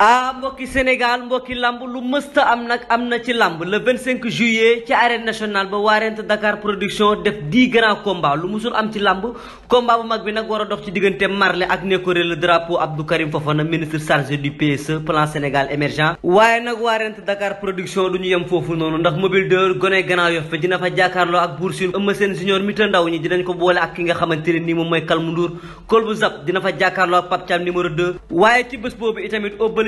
ah mbokki Sénégal mbokki lamb lu mësta am nag am na ci lamb le 25 juillet ci arène nationale ba waarent Dakar production def 10 grands combats lu musul am ci lamb komba bu mag bi nag war a dox ci diggante Marley ak Nékoré le drapeau Abdou Karim Fofana ministre chargé du PSE plan Sénégal émergent waaye nag waarent Dakar production du ñu yem foofu noonu ndax mobile de gone gannaaw yof fi dina fa jàkkaarloo ak Bour Sine Eumeu Sène Junior ndaw ñi ko boole ak ki nga xamante ne nii moom mooy Kalmu Ndour Kolbu Zap dina fa jàkkaarloo ak Pape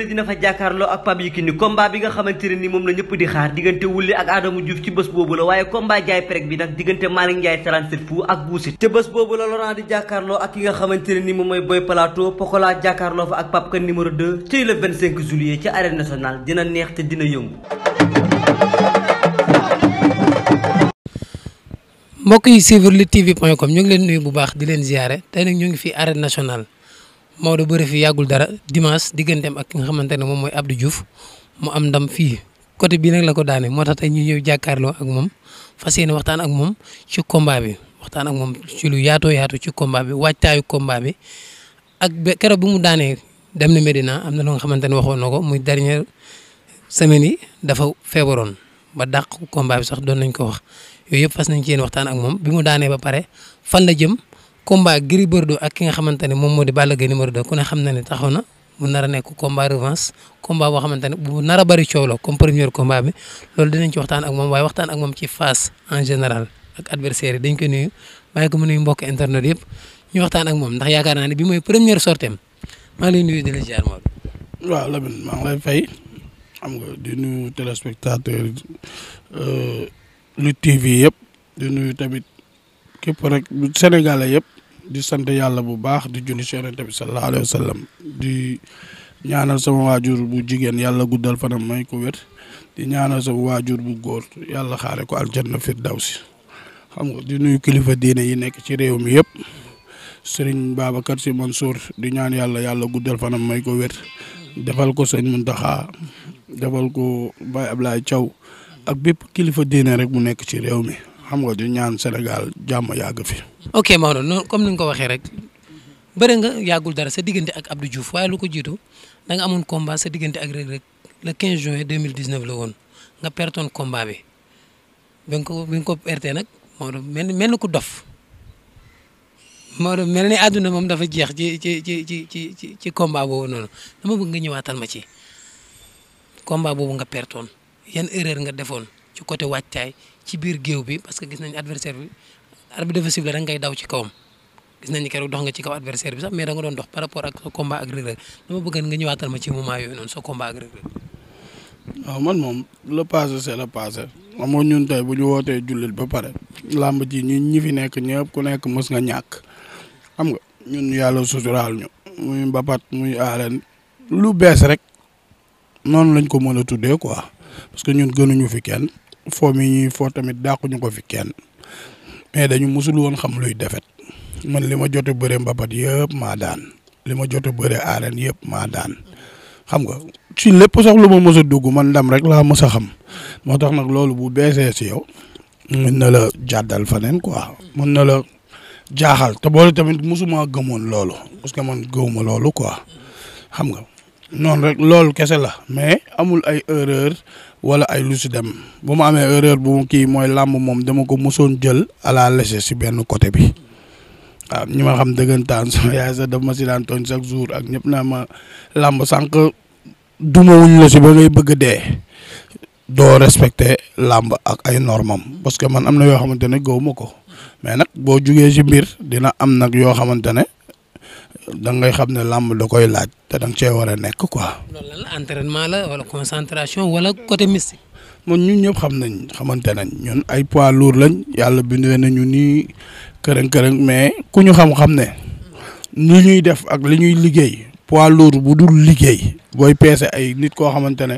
Thiam ne dina fa jàkkaarloo ak Pape Yékini combat bi nga xamante ne ni moom la ñëpp di xaar diggante wulli ak Adama Diouf ci bés boobu la waaye combat jaay prek bi nag diggante Malick Ndiaye 37 fu ak buusit te bés boobu la Laurent di jàkkaarloo ak ki nga xamante ne ni moom mooy Boy Plateau Pokola jàkkaarloo fa ak Pape Kane numéro 2 ci le 25 juillet ci national nationale dina neex te dina yëngu mbokk yi suivre luttetv.com ñu ngi leen nuyu bu baax di leen ziare tey nag ngi fi arène nationale Maodo bëri fi yàggul dara dimanche digganteem ak ki nga xamante ne moom mooy Abdou Diouf mu am ndam fii côté bii nag la ko daane moo tax tey ñu ñëw jàkkaarloo ak moom fas yéene waxtaan ak moom ci combat bi waxtaan ak moom ci lu yaatoo yaatu ci combat bi waajtaayu combat bi ak ba bu mu daanee dem na Medina am na loo nga xamante ne waxoon na ko muy dernière semaine yi dafa feebaroon ba dàq combat bi sax doon nañ ko wax yooyu yëpp fas nañ ci yéen waxtaan ak moom bi mu daanee ba pare fan la jëm. combat Gris Bordeaux ak ki nga xamante ne moom moo di Balla Gaye numéro ku ne xam na ne tax na mu nar a nekk combat revanche combat boo xamante ne bu nar a bëri coow la comme premier combat bi loolu dinañ ak moom waaye waxtaan ak moom ci phase en général dañ ko nuyu bàyyi ko mu nuyu mbokk internet yëpp ñu waxtaan ak ndax yaakaar naa ne bi mooy première sorteem maa ngi lay la ziar moom. waaw Lamine maa ngi lay fay xam nga di nuyu téléspectateur euh, TV yëpp di nuyu képp rek Sénégalais yëpp di sant yàlla bu baax di junni si yonent bi sallallahu alayhi wa di ñaanal sama waajur bu jigéen yàlla guddal fanam may ko wér di ñaanal sama waajur bu góor yàlla xaare ko aljanna firdawsi xam nga di nuyu kilifa diine yi nekk ci réew mi yëpp sëriñ Babacar Sy Mansour di ñaan yàlla yàlla guddal fanam may ko wér defal ko sëñ Muntaxa defal ko Baye Ablaye Thiaw ak bépp kilifa diine rek mu nekk ci réew mi xam nga di ñaan Sénégal jàmm yàgg fi. ok Maodo noonu comme ni nga ko waxee rek bëri nga yàggul dara sa diggante ak Abdou Diouf waaye lu ko jiitu da nga amoon combat sa diggante ak Reug Reug le 15 juin 2019 la woon nga pertoon combat bi bi nga ko bi nga ko pertee nag Maodo mel ni mel ni ku dof Maodo mel ni àdduna moom dafa jeex ci ci ci ci ci ci combat boobu noonu dama bëgg nga ñëwaatal ma ci combat boobu nga pertoon yan erreur nga defoon ci côté waajtaay. ci biir géew bi parce que gis nañ adversaire bi arbitre dafa sifflé rek ngay daw ci kawam gis nañ ni dox nga ci kaw adversaire bi sax mais da nga doon dox par rapport ak sa combat ak Reug Reug nga ñëwaatal ma ci moment yooyu noonu sa combat ak man moom le passé c'est le passé amoo ñun tey ñu wootee jullit ba pare làmb ji ñun ñi fi nekk ñëpp ku nekk mës nga ñàkk xam nga ñun yàlla suturaal ñu muy mbapat muy bees rek noonu lañ ko mën a tuddee quoi parce que ñun ñu fi kenn foo mi ñuy foo tamit dàquñu ko fi ken mais dañu musul woon xam luy defet man li ma jot a bëre mbapat yëpp maa daan li ma jote a bëre aaren yëpp maa daan xam nga ci lépp sax lu ma mës dugg man ndam rek laa mës a xam moo tax nag loolu bu beesee si yow mën na la jàddal faneen quoi mën na la jaaxal te boole tamit mosuma gëmoon loolu parce que man gëwuma loolu quoi xam nga noonu rek loolu kese la mais amul ay erreur wala ay lu si dem bu ma amee erreur bu kii mooy làmb moom dama ko mosoon jël à la si benn côté bi waaw ah, ñi ma xam dëggantaan sama yaay sax daf ma si daan tooñ chaque jour ak ñëpp naa ma làmb sànq dumawuñ la si ba ngay bëgg dee doo respecté làmb ak ay normam parce que man am na yoo xamante ne gaw ko mais nag boo jugee si mbir dina am nag yoo xamante ne da ngay xam ne làmb da koy laaj te da nga cee war a nekk quoi. loolu lan la entraînement la wala côté mystique. moom ñun ñëpp xam nañ xamante nañ ñun ay pois lour lañ yàlla bindee nañu nii kërën kërën mais ku ñu xam-xam ne li ñuy def ak li ñuy liggéey pois lourd bu dul liggéey booy peese ay nit koo xamante ne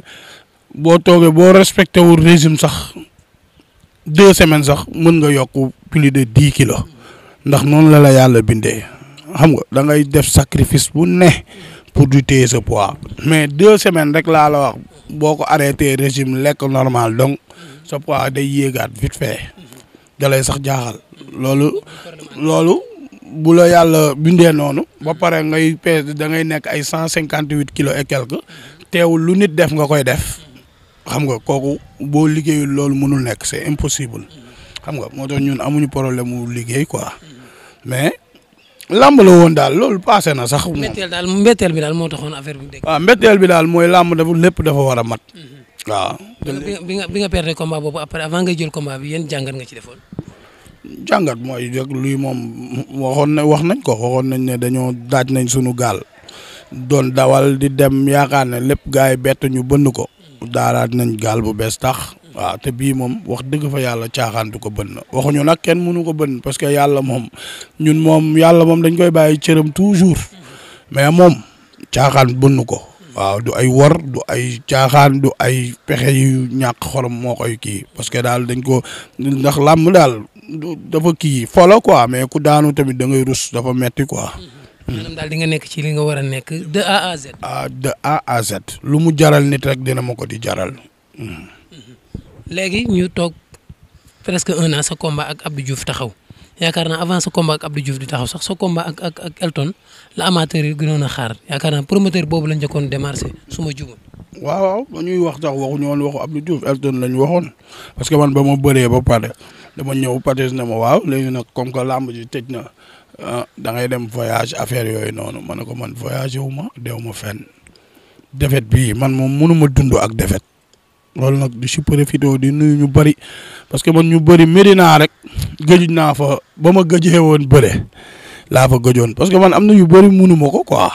boo toogee boo respecté wul régime sax deux semaines sax mën nga yokku plus de dix kilos ndax noonu la la yàlla bindee. xam nga dangay ngay def sacrifice bu ne pour du téye sa poids mais deux semaines rek laa la wax boo ko arrêté régime lekk normal donc sa poids day yéegaat vite fait da sax jaaxal loolu loolu bu la yàlla bindee noonu ba pare ngay pees da ngay nekk ay cent cinquante huit kilos et quelque teewul lu nit def nga koy def xam nga kooku boo liggéeyul loolu mënul nekk c'est impossible xam nga moo tax ñun amuñu problème mu liggéey quoi mais làmb la woon daal loolu passé na sax. mbetteel daal mbetteel bi daal moo taxoon affaire bi. waaw mbetteel bi daal mooy làmb dafa lépp dafa war a mat. Mhm. waaw. bi nga bi nga perdre combat boobu après avant ngay jël combat bi yéen jàngat nga ci defoon. jàngat mooy rek luy moom waxoon na wax nañ ko waxoon nañ ne dañoo daaj nañ sunu gaal. doon dawal di dem yaakaar ne lépp gars yi bett ñu bënn ko. Mhm. daaraat nañ gaal bu bees tax waaw te bii moom wax dëgg fa yàlla caaxaan du ko bënn waxuñu nag kenn mënu ko bënn parce que yàlla moom ñun moom yàlla moom dañ koy bàyyi cëram toujours mais moom caaxaan bënn ko. waaw du ay war du ay caaxaan du ay pexe yu ñàkk xorom moo koy kii parce que daal dañ ko ndax làmm daal dafa kii folo ko mais ku daanu tamit da ngay rus dafa metti quoi. maanaam daal di nga nekk ci li nga war a nekk de A ah de A Z lu mu jaral nit rek dina moo ko di jaral. Hmm. léegi ñu toog presque un an sa combat ak Abdou Diouf taxaw yaakaar naa avant sa combat ak Abdou Diouf di taxaw sax sa combat ak ak ak Elton la amateur yi gënoon a xaar yaakaar naa promoteur boobu la njëkkoon démarché su ma jubul. waaw waaw ñuy wax tax waxuñu woon waxu Abdou Diouf Elton lañ waxoon parce que man ba ma bëree ba pare dama ñëw Pathé na ma waaw léegi nag comme que làmb ji tëj na ah, da ngay dem voyage affaire yooyu noonu ma ne ko man voyagé wu ma deewu ma fen défaite bii man moom mënu ma ak défaite loolu nag di si profité di nuyu ñu bëri parce que man ñu bëri Medina rek gëjuñ naa fa ba ma gëjee woon bëre laa fa gëjoon parce que man am na ñu bëri munu ma ko quoi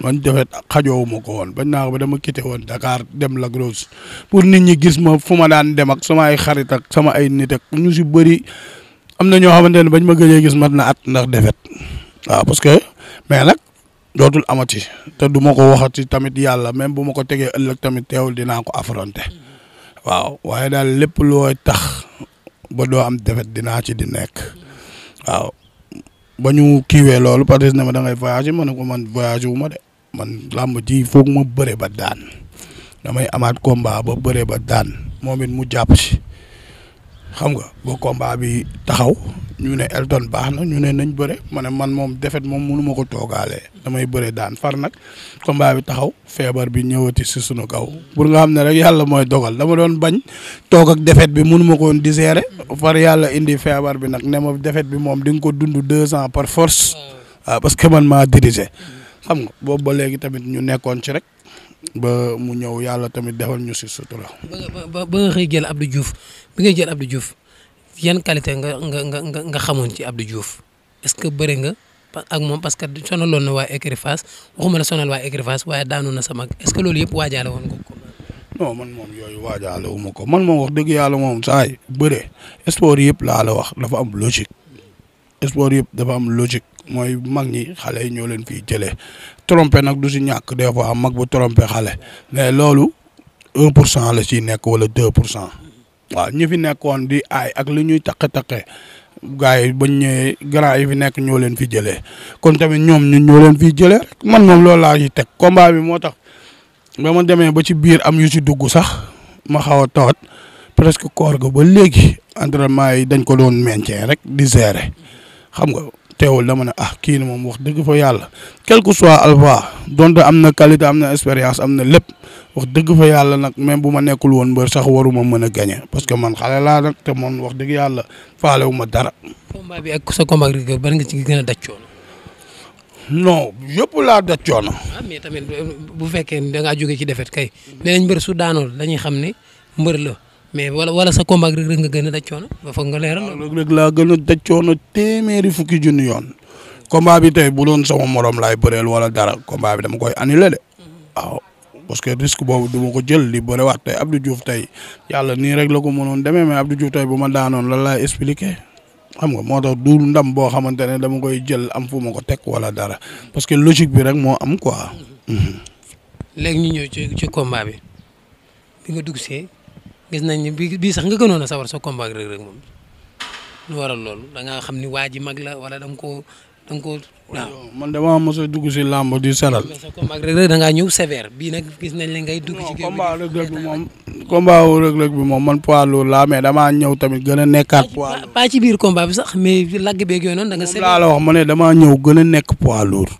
man defet xajoowu ma ko woon bañ naa ko ba dama quitté woon Dakar dem la grosse pour nit ñi gis ma fu ma daan dem ak sama ay xarit ak sama ay nit ak ñu si bëri am na ñoo xamante ne bañ ma gëjee gis mat na at ndax defet waa parce que mais nag dootul amati te du ma ko waxati tamit yàlla même bu ma ko tegee ëllëg tamit teewul dinaa ko affronter waaw waaye daal lépp looy tax ba doo am defet dinaa ci di nekk waaw ba ñu kiiwee loolu parce que ne ma da ngay voyager ma ne ko man voyage wu ma de man làmb ji foog ma bëre ba daan damay amaat komba ba bëre ba daan moom mu jàpp ci xam nga ba combat bi taxaw ñu ne Elton baax na ñu ne nañ bëre ma ne man moom defet moom mënu ma ko toogaalee damay bëre daan far nag combat bi taxaw feebar bi ñëwati si sunu kaw pour nga xam ne rek yàlla mooy dogal dama doon bañ toog ak defet bi munu ma ko woon digérer far yàlla indi feebar bi nag ne ma defet bi moom di nga ko dund deux ans par force parce que man maa diriger xam nga boobu ba léegi tamit ñu nekkoon ci rek. ba mu ñëw yàlla tamit defal ñu si sutura. ba ba ba xëy jël yenn qualité nga nga nga nga xamoon ci Abdou Diouf est-ce que bëri nga ak moom parce que sonaloon na waa écurie Fass waxuma la sonal waa écurie Fass waaye daanu na sa mag est-ce que loolu yëpp waajaale woon nga ko. non man moom yooyu waajaale wu ma ko man moom wax dëgg yàlla moom saa yi bëre sport yëpp laa la wax dafa am logique sport yëpp dafa am logique mooy mag ñi xale yi ñoo leen fiy jëlee trompé nag du si ñàkk des am mag bu trompé xale mais loolu un pour cent la ciy nekk wala deux pour cent. waaw ñi fi nekkoon di aay ak lu ñuy taqe-taqe gars yi bañ ñëwee grand yi fi nekk ñoo leen fi jëlee kon tamit ñoom ñun ñoo leen fi jëlee rek man moom loolu laa ci teg combat bi moo tax ba ma demee ba ci biir am yu ci dugg sax ma xaw a tawat presque koor ga ba léegi entraînement yi dañ ko doon maintenir rek di gérer xam nga teewul dama ne ah kii moom wax dëgg fa yàlla quel que soit alpha donte am na qualité am na expérience am na lépp wax dëgg fa yàlla nag même bu ma nekkul woon mbër sax waruma mën a gagné parce que man xale laa nag te man wax dëgg yàlla faale wu ma dara. combat bi ak sa combat rek ban nga ci gën a daj coono. non yëpp laa daj coono. ah mais bu fekkee da ngaa jógee ci defet kay. nee mbër su daanoo dañuy xam ne mbër la. mais wala wala sa combat rek rek nga gën a daj coono ba foog nga leeral. waaw rek laa gën a daj coono téeméeri fukki junni yoon. combat bi tey bu doon sama moroom laay bëreel wala dara combat bi dama koy annulé de. waaw parce que risque boobu du ma ko jël di bëre wax tey Abdou Diouf tey yàlla nii rek la ko mënoon demee mais Abdou Diouf tey bu ma daanoon lan laay expliqué. xam nga moo tax du ndam boo xamante ne dama koy jël am fu ma ko teg wala dara parce que logique bi rek moo am quoi. léegi ñu ñëw ci ci combat bi nga dugg see gis nañ ni bi bii sax nga ko noon a sawar sa combat Reug Reug moom lu waral loolu da ngaa xam ni waa ji mag la wala da ko koo da man damaa mos dugg si làmb di saral. sa combat Reug Reug ñëw sévère bii nag gis nañ la ngay dugg ci kii combat Reug bi moom combat Reug bi moom man poids loolu laa mais damaa ñëw tamit gën a nekkaat poids lourd ci biir combat bi sax mais lagg beeg yooyu noonu da nga sévère laa la wax ma ne damaa ñëw gën a nekk poids lourd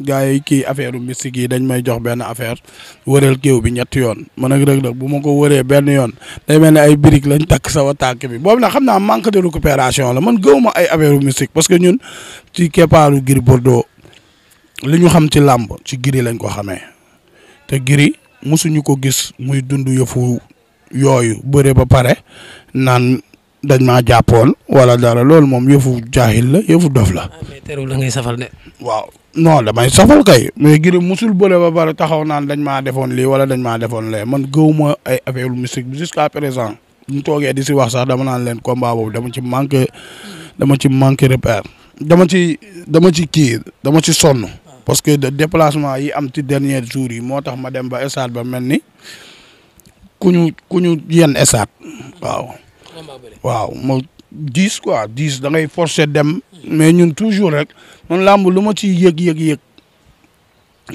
gars yi kii affaire mystique yi dañ may jox benn affaire wëral géew bi ñetti yoon man ak rëg-rëg bu ma ko wëree benn yoon day mel ne ay birig lañ takk sawa tànk bi boobu nag xam naa manque de récupération la man gëwuma ay affaire mystique parce que ñun ci keppaaru Gris Bordeaux li ñu xam ci làmb ci Gris lañ ko xamee te Gris mosuñu ko gis muy dund yëfu yooyu bëre ba pare naan dañ maa jàppoon wala dara loolu moom yëfu jaahil la yëfu dof la. Ah, mais terewul la ngay safal de. waaw non damay safal kay mais Gris musul bëre ba pare taxaw naan dañ maa defoon lii wala dañ maa defoon leen man gëwuma ay affaire mystique bi jusqu'à présent ñu toogee di si wax sax dama naan leen combat boobu dama ci manqué dama ci manqué repère. dama ci dama ci kii dama ci sonn. parce que déplacement yi am ci dernier jour yi moo tax ma dem ba stade ba mel ni ku ñu ku ñu yenn stade waaw. waaw ma dix quoi dix da ngay forcer dem mais ñun toujours rek man làmb lu ma ciy yëg yëg yëg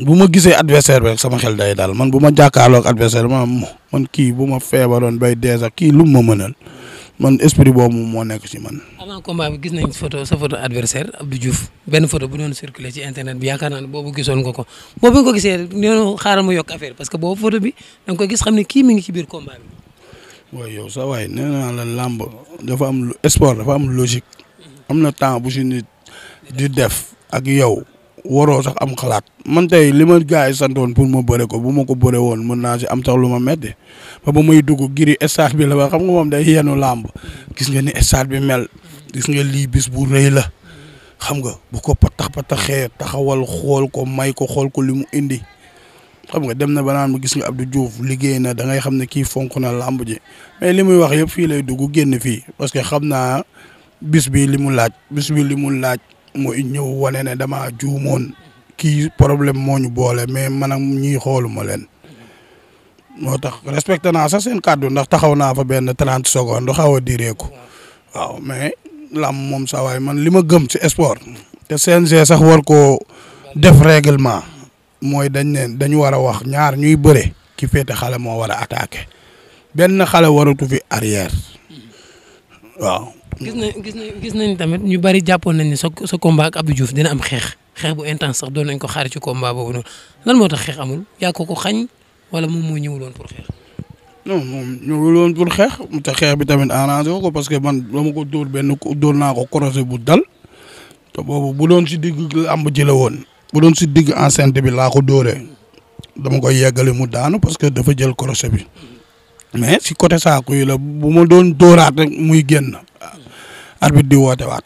bu ma gisee adversaire bi rek sama xel day daal man bu ma jàkkaarloog adversaire ma man kii bu ma feebaroon bay dee kii lu ma mënal man esprit boobu moo nekk ci man. avant combat bi gis nañ photo sa photo adversaire Abdou Diouf benn photo bu doon circuler ci internet bi yaakaar naa boobu gisoon nga ko boobu nga ko gisee xaaral ma yokk a parce que boobu photo bi da nga ko gis xam ne kii mi ngi ci biir waaw yow sa waaye nee naa la làmb dafa am sport dafa am logique am na temps bu si nit di def ak yow waroo sax am xalaat man tey li ma gars yi santoon pour ma bëre ko bu ma ko bëre woon mën naa si am sax lu ma metti ba ma muy dugg giri stade bi la ba xam nga moom day yenu làmb gis nga ni stade bi mel gis nga lii bis bu rëy la xam nga bu ko patax pataxee taxawal xool ko may ko xool ko li mu indi xam nga dem na ba naan ma gis nga Abdou Diouf liggéey na da ngay xam ne kii fonk na làmb ji mais li muy wax yëpp fii lay dugg génn fii parce que xam naa bis bi li mu laaj bis bi li mu laaj mooy ñëw wane ne damaa juumoon kii problème moo ñu boole mais man ak ñuy xooluma leen. moo tax respecté naa sax seen kàddu ndax taxaw naa fa benn trente secondes xaw a direeku waaw mais làmb moom saa man li ma gëm si esport te CNG sax war ko def règlement. mooy dañ ne dañu war a wax ñaar ñuy bëre ki féete xale moo war a attaqué benn xale waratu fi arrière waaw. gis nañ gis nañ gis tamit ñu bari jàppoon nañ ne sa sa combat ak Abdou dina am xeex xeex bu intan sax doon nañ ko xaar ci combat boobu noonu lan moo tax xeex amul yaa ko ko xañ wala moom moo ñëwuloon pour xeex. non moom ñëwul woon pour xeex te xeex bi tamit arrangé ko parce que man dama ko dóor benn dóor naa ko croisé bu dal te boobu bu doon si digg làmb ji la woon bu doon si digg enceinte bi laa ko dóoree dama koy yeggali mu daanu parce que dafa jël crochet bi mais si côté saako yi la bu ma doon dooraat rek muy génn arbitre di woote waat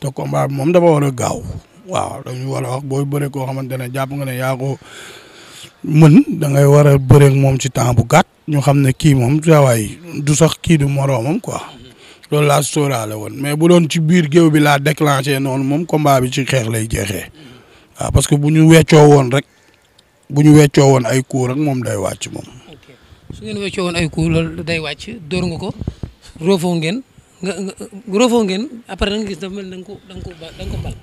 te combat bi moom dafa war a gaaw waaw dañu war a wax booy bëre koo xamante ne jàpp nga ne yaa ko mën da ngay war a bëre moom ci temps bu gàtt ñu xam ne kii moom saawaay du sax kii du moroomam quoi loolu laa sóoraale woon mais bu doon ci biir géew bi laa déclenché noonu moom combat bi ci xeex lay jeexee waaw ah, parce que bu ñu weccoo woon rek bu ñu weccoo woon ay coups rek moom day wàcc moom. su ngeen weccoo woon ay coups loolu day wàcc dóor nga ko roofoo ngeen nga nga roofoo ngeen après da nga gis dafa mel da nga bal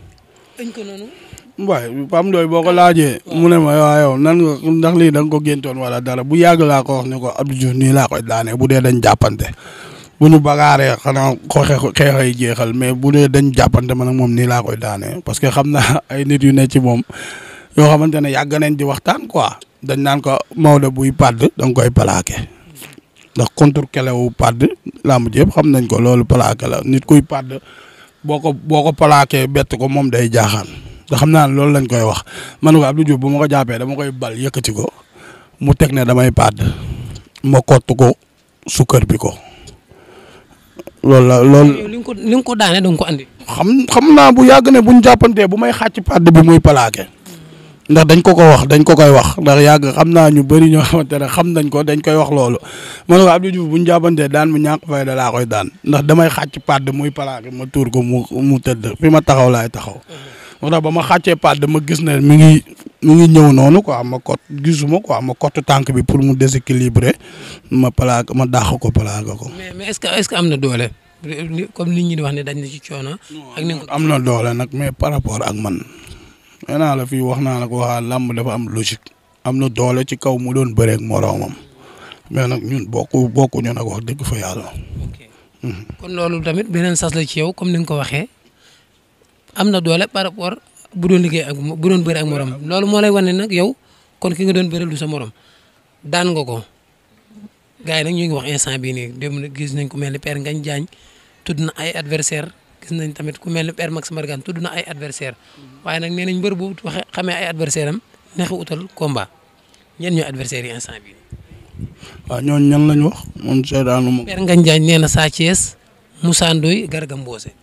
dañ ko noonu. waaye PAM doy boo ko laajee. mu ne ma waaw yow nan nga ndax lii da ko géntoon wala dara bu yàgg laa ko wax ne ko Abdou Diouf nii laa koy daanee bu dee dañ jàppante. bu ñu bagaaree xanaa xooxe xeexay jeexal mais bu dee dañ jàppante ma nag moom nii laa koy daanee parce que xam naa ay nit yu ne ci moom yoo xamante ne yàgg nañ di waxtaan quoi dañ naan ko Maodo buy padd da nga koy plaqué ndax contre kelewu padd làmb ji yëpp xam nañ ko loolu plaqué la nit kuy padd boo ko boo ko plaqué bett ko moom day jaaxaan da xam naa loolu lañ koy wax manu ko Abdou Diouf bu ma ko jàppee dama koy bal yëkkati ko mu teg ne damay padd ma ko sukkër bi ko. loolu la loolu. li nga ko li nga ko daane da ko andi. xam xam naa bu yàgg ne bu ñu jàppantee bu may xàcc pàdd bi muy plaqué ndax dañ ko ko wax dañ ko koy wax ndax yàgg xam naa ñu bëri ñoo xamante ne xam dañ ko dañ koy wax loolu man ko Abdou Diouf bu ñu jàppantee daan mu ñàkk fay dalaa koy daan ndax damay xàcc pàdd muy plaqué ma tuur ko mu mu tëdd fi ma taxaw laay taxaw. Mm-hmm. moo ba ma xàccee pàdd ma gis ne mi ngi mu ngi ñëw noonu am ma kot gisuma am ma kottu tànk bi pour mu déséquilibré ma plaque ma dàq ko plaque ko. mais mais est-ce que est-ce am na doole comme ni ñi di wax ne dañ na ci coono. ak ni am na doole nag mais par rapport ak man. nee naa la fii wax naa la ko waxaa làmb dafa am logique. am na doole ci kaw mu doon bëreeg moroomam mais nag ñun bokku bokku ñu nag wax dëgg fa yàlla. Mhm. kon loolu tamit beneen sas la ci yow comme ni nga ko waxee am na doole par rapport. bu doon liggéey ak bu doon bëri ak morom loolu moo lay wane nag yow kon ki nga doon bëri du sa morom daan nga ko gars yi nag ñu ngi wax instant bii nii dem na gis nañ ku mel ni Père Ngagne Diagne tudd na ay adversaire gis nañ tamit ku mel ni Père Max margan tudd na ay adversaire waaye nag nee nañ mbër bu waxee xamee ay adversaire am neexu utal komba ñeen ñoo adversaire yi instant bii. waaw ñooñu ñan lañ wax moom seedaanu ma. Père Ngagne Diagne nee na Sa Thiès Moussa Ndoye Garga Mbossé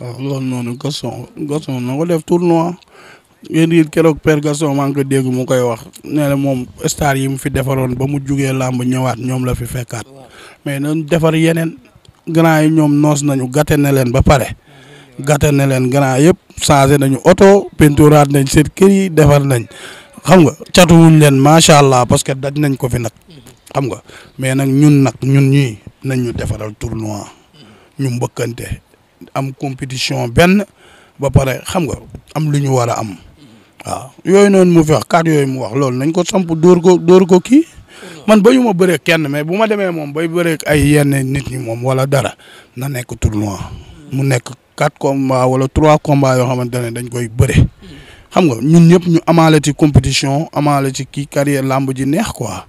waaw loolu noonu Gaston Gaston na ko def tournoi yéen it keroog père Gaston maa ngi ko dégg mu koy wax nee moom star yi mu fi defaroon ba mu jugee làmb ñëwaat ñoom la fi fekkaat mais nañ defar yeneen grand yi ñoom noos nañu gàtte na leen ba pare gàtte na leen grand yëpp changé nañu oto peinturaat nañ seen kër yi defar nañ xam nga catuwuñ leen macha allah parce que daj nañ ko fi nag xam nga mais nag ñun nag ñun ñii nañ ñu defaral tournoi ñu mbëkkante am compétition benn ba pare xam nga am lu ñu war a am waaw yooyu noonu mu fi wax kàddu yooyu mu wax loolu nañ ko somp dóor ko dóor ko kii man ba ñu ma bëree kenn mais bu ma demee moom bay bëree ay yenn nit ñi moom wala dara na nekk tournoi mu nekk quatre combats wala trois combats yoo xamante ne dañ koy bëre xam nga ñun ñëpp ñu amaale ci compétition amaale ci kii carrière làmb ji neex quoi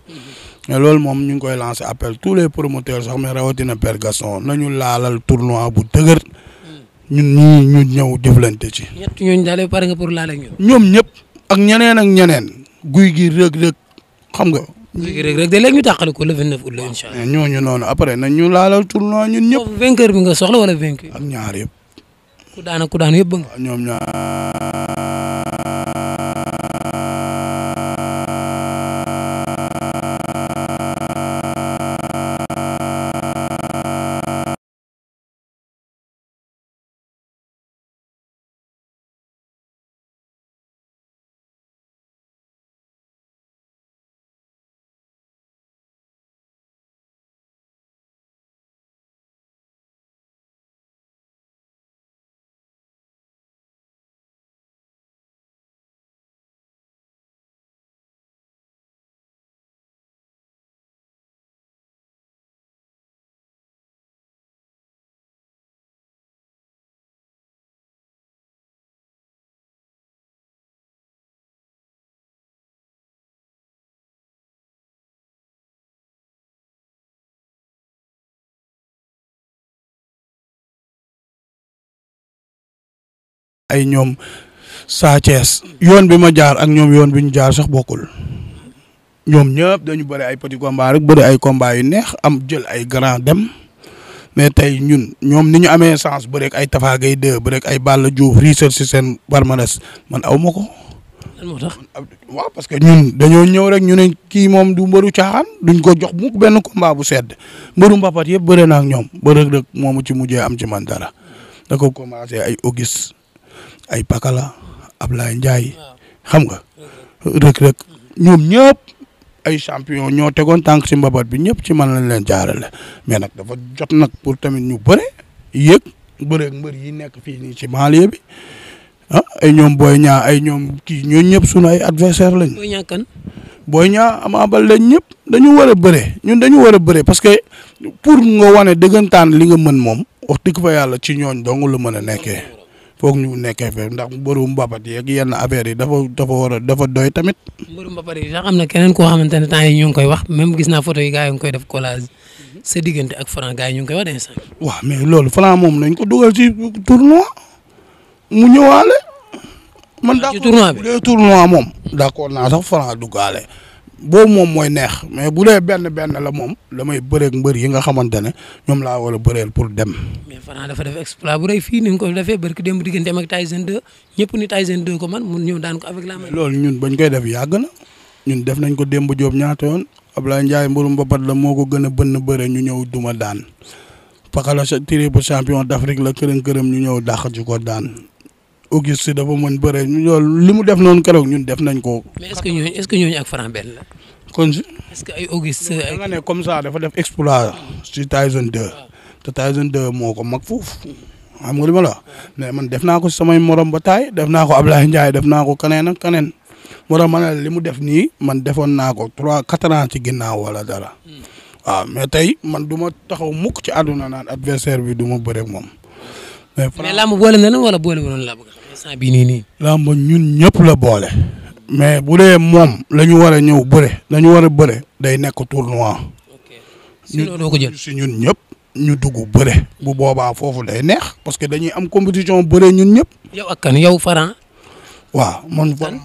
mais loolu moom ñu ngi koy lancé appel tous les promoteurs sax mais rawatina Père Gaston nañu laalal tournoi bu dëgër ñun ñii ñu ñëw jëflante ci. ñett ñooñu daal pare nga pour laal ak ñoom. ñëpp ak ñeneen ak ñeneen. guy gi rëg-rëg xam nga. guy gi rëg-rëg de léegi ñu tàqale ko le 29 août la incha allah. ñooñu noonu après nañ ñu laalal tournoi ñun ñëpp. foofu vainqueur bi nga soxla wala vaincu. ak ñaar yëpp. ku daana ku daan yëpp bëgg. ñoom ñaa ay ñoom Sa Thiès yoon bi ma jaar ak ñoom yoon bi ñu jaar sax bokkul ñoom ñëpp dañu bëri ay petit combat rek bëri ay combat yu neex am jël ay grand dem mais tey ñun ñoom ni ñu amee chance bëri ak ay Tafa Gueye 2 bëri ay Balla Diouf recherche si seen palmarès man aw ma ko. lan waaw parce que ñun dañoo ñëw rek ñu ne kii moom du mbëru caaxaan duñ ko jox mukk benn combat bu sedd mbëru mbapat yëpp bare na ak ñoom ba rëg rëg moomu ci mujjee am ci man dara da ko ay Pakala Ablaye Ndiaye xam nga rek rek ñoom ñëpp ay champion ñoo tegoon tànk si mbabat bi ñëpp ci man lañ leen jaarale mais nag dafa jot nag pour tamit ñu bëre yëg bëre mbër yi nekk fii nii ci banlieue bi ah ay ñoom booy Niang ay ñoom kii ñooñu ñëpp sunu ay adversaire lañ. Boy Niang kan. Boy Niang Ama Baldé ñëpp dañu war a bëre ñun dañu war a bëre parce que pour nga wane dëggantaan li nga mën moom wax dëgg fa yàlla ci ñooñ dong la mën a nekkee. foog ñu nekkee fee ndax mbëru mbapat yeeg yenn affaire yi dafa dafa war dafa doy tamit. mbëru mbapat yi sax am na keneen koo xamante ne temps yi ñu ngi koy wax même gis na photo yi gars yi koy def collage mhm. sa diggante ak Franc gars yi ñu ngi koy wax instant. waaw mais loolu Franc moom nañ ko dugal ci tournoi mu ñëwaale. man d' accord ci tournoi bi tournoi moom. d' accord naa sax Franc duggaale. boobu moom mooy neex mais bu dee benn benn la moom damay bëreeg mbër yi nga xamante ne ñoom laa war a bëreel pour dem. mais Franc dafa def exploit bu rëy fii ni nga ko defee barki démb digganteem ak Tyson 2 ñëpp ni Tyson 2 ko man mun ñëw daan ko avec loolu ñun bañ koy def yàgg na ñun def nañ ko démb Diop ñaata yoon laa Ndiaye mbërum mbapat la moo ko gën a bënn bëre ñu ñëw duma daan Pakala sa bu champion d'Afrique la kërëm kërëm ñu ñëw dàq ci ko daan. Auguste dafa mën bëre loolu li mu def noonu keroog ñun def nañ ko. mais est-ce que ñooñu est-ce que ñooñu ak Franc exploit si Tyson 2 te Tyson moo ko mag foofu xam li ma la man def naa ko samay morom ba def naa ko Ablaye Ndiaye def naa ko keneen ak morom ma ne li mu def nii man defoon naa ko trois quatre ans ci ginnaaw wala dara. waaw mais tey man du ma taxaw mukk ci àdduna naan adversaire bi du ma bëre ak moom. mais mais na la wala boole woon la bëgg instant bii nii nii. làmb ñun ñëpp la boole. mais bu dee moom la ñu war a ñëw bëre la war a bëre day nekk tournoi. sinon doo ko jël si ñun ñëpp. ñu dugg bëre. bu boobaa foofu day neex. parce que dañuy am compétition bëre ñun ñëpp. yow ak kan yow Franc. waaw man Franc.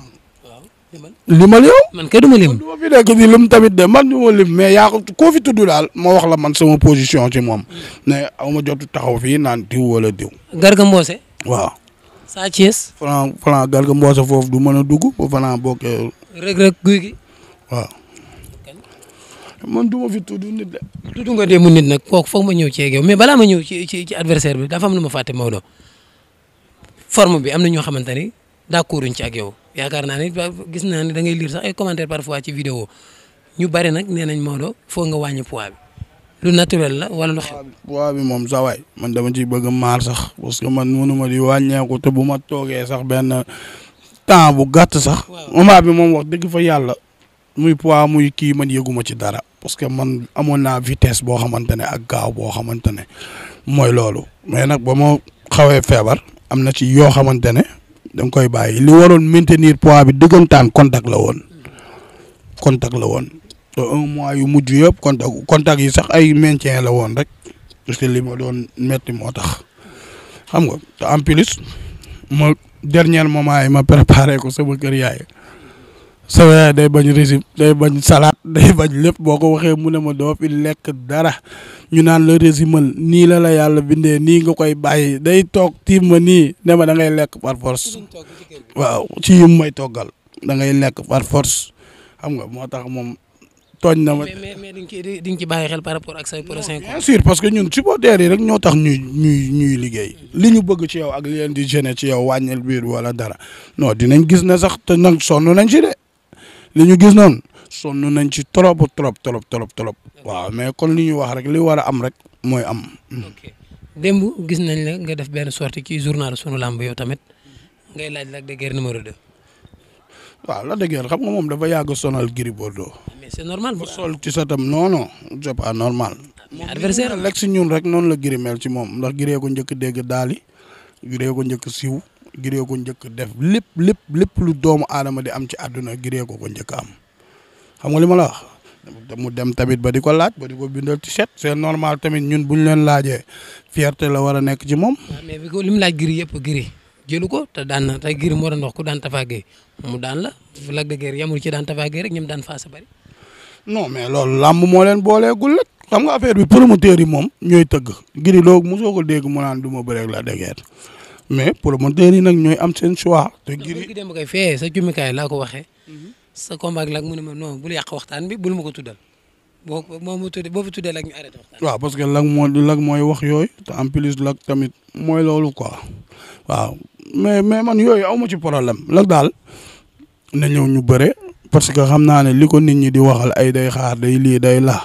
limal yow. ma lim. ma fi nekk di tamit ma lim mais yaa ko koo fi tudd daal ma wax la man sama position ci moom. ne hmm. aw ma jot taxaw fii naan diw wala diw. Garga Mbossé. Sa Thiès. Franc Franc Garga Mbossé foofu du mën a dugg ba Franc bokkee. Reug Reug Gouye Gui. waaw. man du ma fi tudd nit de. tudd nga de mu nit nag kooku foog ma ñëw ci yow mais balaa ma ñëw ci ci ci adversaire bi dafa am lu ma fàtte Maodo forme bi am na ñoo xamante ni d'accord uñ ci ak yow yaakaar naa ni gis naa ne da ngay lire sax ay parfois ci vidéo ñu bari nag nee nañ Maodo foog nga wàññi poids bi lu naturel la wala lu xew. bi moom sawaay waay man dama ciy bëgg maar sax parce que man mënuma di wàññeeku te bu ma toogee sax benn temps bu gàtt sax. moment bi moom wax fa yàlla. muy poids muy kii man yëguma ci dara parce que man amoon naa vitesse boo xamante ne ak gaaw boo xamante ne mooy loolu mais nag ba ma xawee feebar am na ci yoo xamante ne da koy bàyyi li waroon maintenir poids bi dëggantaan contact la woon contact la woon. ba un yu mujj yëpp contact contact yi sax ay maintien la woon rek parce que li ma doon metti moo tax xam nga te en plus ma dernier moment yi ma préparé ko sama kër yaay sama yaay day bañ régime day bañ salaat day bañ lépp boo ko waxee mu ne ma doo fi lekk dara ñu naan la régimal nii la la yàlla bindee nii nga koy bàyyi day toog tiim ma nii ne ma da lekk par force waaw ci may toggal da lekk par force xam nga moo tax moom tooñ na ma. mais mais di nga ci bàyyi xel par rapport ak say prochain. bien sûr parce que ñun supporters yi rek ñoo tax ñuy ñuy ñuy liggéey. li ñu bëgg ci yow ak li leen di gêner ci yow wàññil biir wala dara non dinañ gis ne sax te nag sonn nañ ci de li ñu gis noonu sonn nañ ci trop trop trop trop trop. waaw mais kon li ñu wax rek li war a am rek mooy am. ok démb gis nañ la nga def benn sortie ci journal sunu làmb yow tamit ngay laaj Lac de Guiers numéro 2. waaw la dëgg xam nga moom dafa yàgg sonal Gris Bordeaux. mais normal bu sol ci sa tam non non c'est normal. Ah, adversaire lekk si ñun rek noonu la Gris mel ci moom ndax Gris ko njëkk dégg daali Gris ko njëkk siw Gris ko njëkk def lépp lépp lépp lu doomu aadama di am ci àdduna Gris ko ko njëkk am xam nga li ma la wax. mu dem tamit ba di ko laaj ba di ko bindal t-shirt c'est normal tamit ñun bu ñu leen laajee fierté la war a nekk ci moom. Ah, mais bi ko lim laaj Gris yëpp Gris. jëlu ko te daan na tey moo doon wax daan tafaagee mu daan la Lac de Guiers yamul ci daan tafaagee rek ñoom daan faasa bari. non mais loolu làmb moo leen booleegul rek xam nga affaire bi promoteurs yi moom ñooy tëgg ngir loolu mosoo ko dégg mu naan du ma bëreeg Lac de Guiers mais promoteurs yi nag ñooy am seen choix. te ngir ki dem kay fee sa jumikaay laa ko waxee. sa combat ak Lac mu ne ma non bul yàq waxtaan bi bul ma ko tuddal. boo moo ma tuddee boo fa tuddee Lac ñu arrêté waxtaan. waaw parce que Lac moo Lac mooy wax yooy te en plus Lac tamit mooy loolu quoi waaw mais mais man yooyu aw ma ci problème Lac daal na ñëw ñu bëre parce que xam naa ne li ko nit ñi di waxal ay day xaar day lii day laa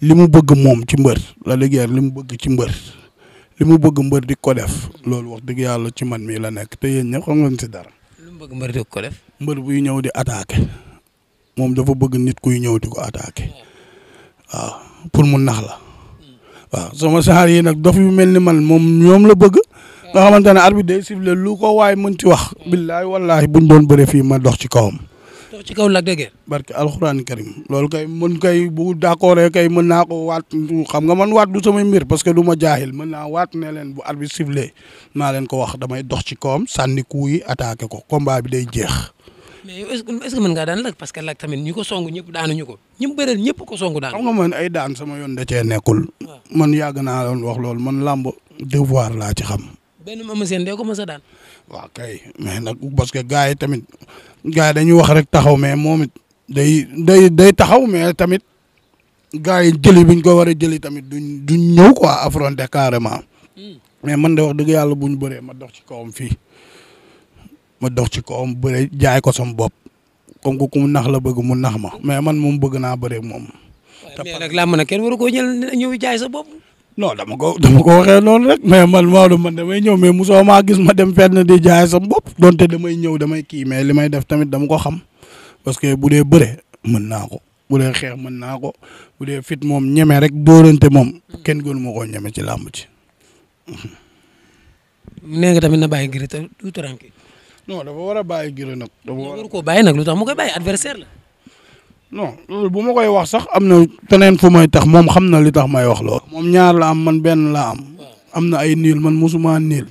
li mu bëgg moom ci mbër la dëgg yàlla li mu bëgg ci mbër li mu bëgg mbër di ko def loolu wax dëgg yàlla ci man mii la nekk te yéen ñëpp xam ngeen si dara. bëgg mbër di ko def. mbër buy ñëw di attaqué moom dafa bëgg nit kuy ñëw di ko attaqué waaw pour mu nax la hmm. waaw sama saar yi nag dof yu mel ni man moom ñoom la bëgg. nga xamante ne arbitre day sifflé lu ko waay mën ci wax. billaay wallaay buñ doon bëree fii ma dox ci kawam. dox ci kaw Lac de Guiers. barke alxuraan karim loolu kay mën kay bu d'accord kay mën naa ko waat xam nga man waat du samay mbir parce que du ma jaaxil mën naa waat ne leen bu arbitre sifflé maa leen ko wax damay dox ci kawam sànni coup yi attaqué ko combat bi day jeex. mais yow est-ce que mën ngaa daan Lac parce que Lac tamit ñu ko songu ñëpp daanuñu ko ñi mu bëreel ñëpp ko songu daan. xam ay daan sama yoon da nekkul. man yàgg naa doon wax loolu man làmb devoir laa ci xam. benn Eumeu Sène dee ko mës a daan. waaw kay mais nag parce que yi tamit gars yi dañuy wax rek taxaw mais moom day day day taxaw mais tamit gars yi jëli buñ ko war a jëli tamit duñ duñ ñëw a affronter carrément. Hmm. mais man de wax dëgg yàlla buñ bëree ma dox ci kawam fii ma dox ci kawam bëree jaay ko sama bop comme ku mu nax la bëgg mu nax ma mais man moom bëgg naa bëree moom. te mais nag kenn waru koo ñëw jaay sa bopp. non dama ko dama ko waxee noonu rek mais man Maodo man damay ñëw mais mosoo maa gis ma dem fenn di jaay sam bopp donte damay ñëw damay kii mais li may def tamit dama ko xam parce que bu dee bëre mën naa ko bu dee xeex mën naa ko bu dee fit moom ñeme rek dóorante moom kenn gënu ma koo ñeme ci làmb ci. nee nga na bàyyi Gris te du tranquille. non dafa war a bàyyi Gris nag. bàyyi nag lu tax mu koy bàyyi la. non loolu bu ma koy wax sax am na teneen fu may tax moom xam na li tax may wax lool. moom ñaar la am man benn la am. am na ay niil man musuma niil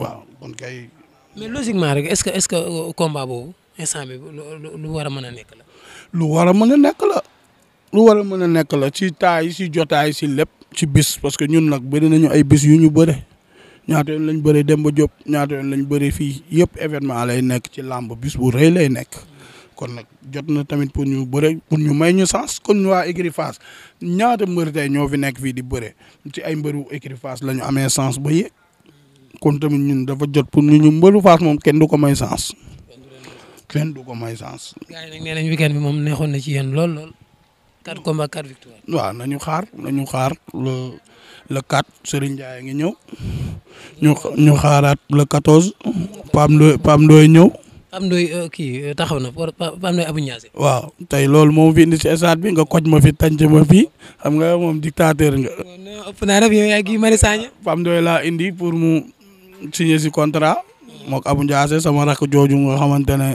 waaw kon kay. mais logiquement rek est-ce que est-ce que euh, combat boobu instant bi lu war a mën a nekk la. lu war a mën a nekk la. lu war a mën a nekk la ci taay si jotaay si lépp. ci bis parce que ñun nag bëri nañu ay bis yu ñu bëre ñaata yoon lañ bëre Demba Diop ñaata yoon lañ bëre fii yëpp événement lay nekk ci làmb bis bu rëy lay nekk. kon nag jot na tamit pour ñu bëre pour ñu may ñu sens kon waa écurie Fass ñaata mbër tey ñoo fi nekk fii di bëre ci ay mbëru écurie Fass la ñu amee sens ba yéeg kon tamit ñun dafa jot pour ñu ñu mbëru Fass moom kenn du ko may sens. kenn du ko may sens. gars yi nag nee bi moom neexoon na ci yéen lool lool. 4 combats 4 victoires. waaw nañu xaar nañu xaar le le 4 Serigne ngi ñëw ñu xaaraat le 14 Pam Ndoye ñëw. am ndoy euh, kii euh, taxaw na am abu ñaase waaw tey loolu moom fi indi si stade bi nga koj ma fi tànc ma fi xam nga moom dictateur nga. non ëpp naa yow yaa laa indi pour mu signer si contrat mook abu ñaase sama rakk jooju nga xamante ne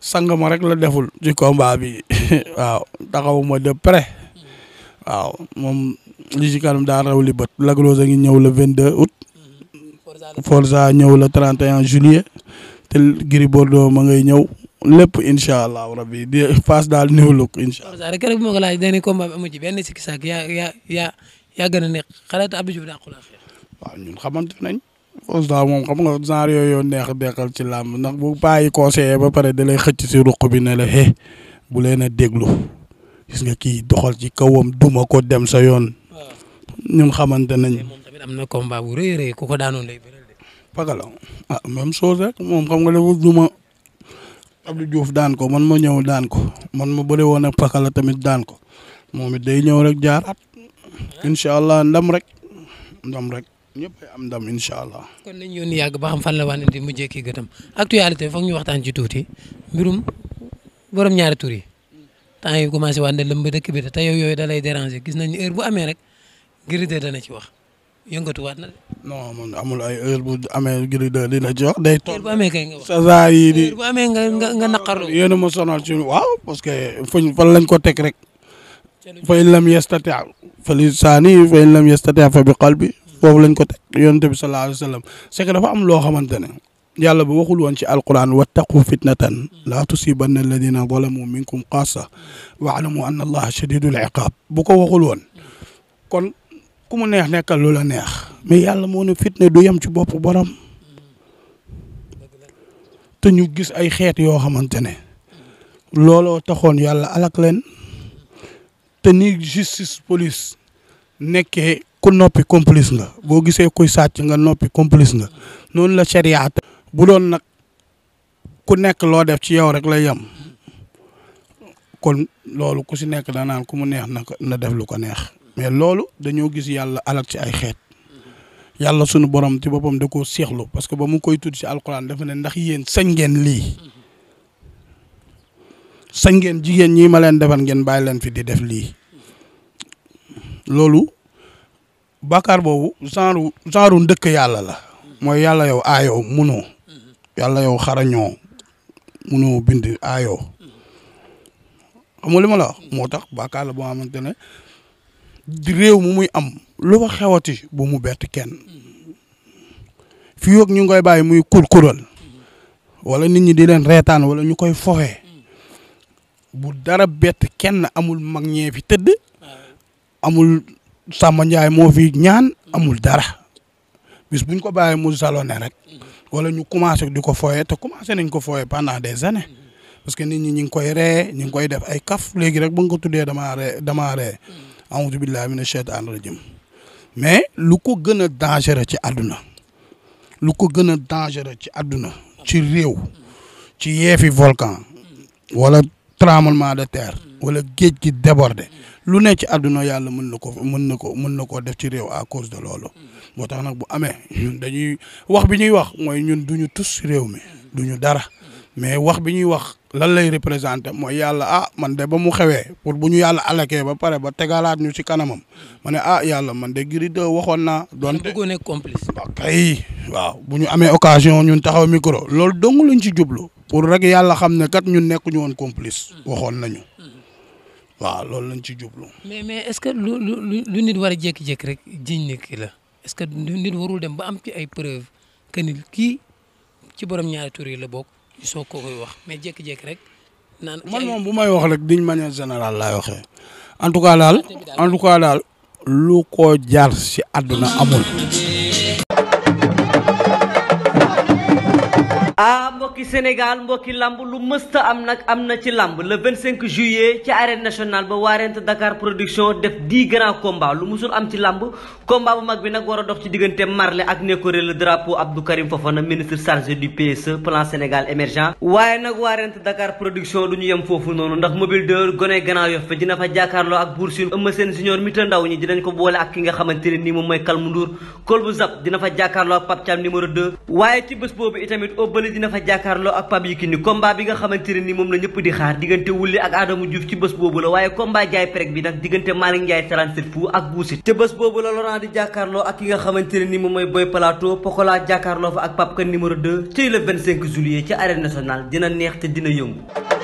sang ma rek la deful ci combat bi waaw taxawu de près waaw moom li ci kanam daa raw li ngi ñëw le 22 août. Mm-hmm. Forza ñëw le 31 juillet. te Gris Bordeaux ma ngay ñëw lépp incha allah rabi di face daal new look incha allah. waaw keroog moo ko laaj dañuy combat bi amu ci benn sikki saak yaa yaa yaa yaa gën a neex xalaat Abdou Diouf dàqu la waaw ñun xamante nañ. Ousseyn moom xam nga genre yooyu neex deqal ci làmb ndax bu bàyyi conseiller ba pare da lay xëcc si ruq bi ne la he bu leen a déglu gis nga kii doxal ci kawam duma ko dem sa yoon. ñun xamante nañ. moom tamit am na combat bu rëy a rëy ku ko daanoon lay bëri Pakala ah même chose rek moom xam nga dafa duma Abdou Diouf daan ko man ma ñëw daan ko man ma bëri woon ak Pakala tamit daan ko moom it day ñëw rek jaaraat incha allah ndam rek ndam rek ñëpp am ndam incha allah. kon nañu yoon yàgg ba xam fan la wax ne di mujjee kii gëtam actualité foog ñu waxtaan ci tuuti mbirum borom ñaari tur yi temps yi commencé waat ne lëmb dëkk bi te yow yooyu da lay déranger gis nañu heure bu amee rek gir ngir dana ci wax. yëngatuwaat na de. non man amul ay heure bu amee Gris 2 dina jox day. heure bu amee kay nga wax saison yii di. nga nga nga naqarlu. ma sonal ci waaw parce que fuñ fan lañ ko teg rek. fa in lam yastati fa lisaani fa in lam yastati fa bi qalbi foofu lañ ko teg yonent bi sallallahu alayhi wa sallam c'est que dafa am loo xamante ne yàlla bu waxul woon ci alquran wattaqu fitnatan laa tusibanna alladina zalamu minkum xaasa wa alamu anna allaha shadidul iqab bu ko waxul woon kon ku mu neex nekkal lu la neex mais yàlla moo ne fitna du yem ci bopp borom te ñu gis ay xeet yoo xamante ne looloo taxoon yàlla alak leen te ni justice police nekkee ku noppi complice nga boo gisee kuy sàcc nga noppi complice nga noonu la sharia bu doon nag ku nekk loo def ci yow rek lay yem kon loolu ku si nekk da naan ku mu neex na na def lu ko neex mais loolu dañoo gis yàlla alak ci ay xeet yàlla sunu borom ci boppam da koo seexlu parce que ba mu koy tudd si alxuraan dafa ndax yéen sañ ngeen lii sañ ngeen jigéen ñii ma leen defan ngeen bàyyi leen fi di def lii loolu bàkkaar boobu genre genre ndëkk yàlla la mooy yàlla yow aayoo munoo yàlla yow xarañoo munoo bind aayoo xam li ma la moo tax bàkkaar la boo xamante ne réew mu muy am lu xewati bu mu bett kenn fi yoog ñu ngi koy bàyyi muy kurkural wala nit ñi di leen reetaan wala ñu koy foxee bu dara bett kenn amul mag ñee fi tëdd amul Samba Ndiaye moo fii ñaan amul dara bis buñ ko bàyyi mu salone rek wala ñu commencé di ko foyee te commencé nañ ko foyee pendant des années parce que nit ñi ñu ngi koy ree ñu ngi koy def ay kaf léegi rek ba nga ko tuddee damaa ree ree aoudu billahi mina sheytaani rajim mais lu ko gën a dangereux ci àdduna lu ko gën a dangereux ci àdduna ci réew ci yeefi volcan wala tremblement de terre wala géej gi débordé lu ne ci àdduna yàlla mën na ko mën na ko mën na koo def ci réew à cause de loolu moo tax nag bu amee ñun dañuy wax bi ñuy wax mooy ñun duñu tus réew mi ñu dara mais wax bi ñuy wax lan lay représenté mooy yàlla ah man de ba mu xewee pour bu ñu yàlla alakee ba pare ba tegalaat ñu ci kanamam ma ne ah yàlla man de Gris 2 waxoon naa. doonte bëggoon nekk complice. kay waaw bu ñu amee occasion ñun taxaw micro lool dong lañ ci jublu. pour rek yàlla xam ne kat ñun nekkuñu woon complice. waxoon nañu. waaw loolu lañ ci jublu. mais mais est-ce que lu lu lu nit war a jékki-jékki rek jiñ ne la est-ce que nit warul dem ba am ci ay preuves que ni kii ci borom ñaari tur la bokk. ñu koo koy wax mais jékki-jékki rek. naan man moom bu may wax rek d'une manière général laay waxee en tout cas daal en tout cas daal lu ko jaar si àdduna amul. Ah, mbokki Sénégal mbokki lamb lu mësta am nag am na ci lamb le 25 juillet ci arène nationale ba waarent Dakar production def 10 grands combats lu musul am ci lamb combat bu mag bi nag war a dox ci diggante Marley ak Nékoré le drapeau Abdou Karim Fofana ministre chargé du PSE plan Sénégal émergent waaye nag waarent Dakar production du ñu yem foofu noonu ndax mobile de gone gannaaw yof fi dina fa jàkkaarloo ak Bour Sine Eumeu Sène ndaw ñi dinañ ko boole ak ki nga xamante ne nii moom mooy Kalmu Ndour Kolbu Zap jàkkaarloo ak Pape Yékini combat bi nga xamante ni moom la ñëpp di xaar diggante Wouly ak Adama Diouf ci bés boobu la waaye combat jaay prek bi nag diggante Malick Ndiaye 37 fu ak Boussine te bés boobu la Laurent di jàkkaarloo ak ki nga xamante ne ni moom mooy Boy Plateau Pokola jàkkaarloo fa ak Pape Kane numéro 2 ci le 25 juillet ci arène dina neex te dina yëngu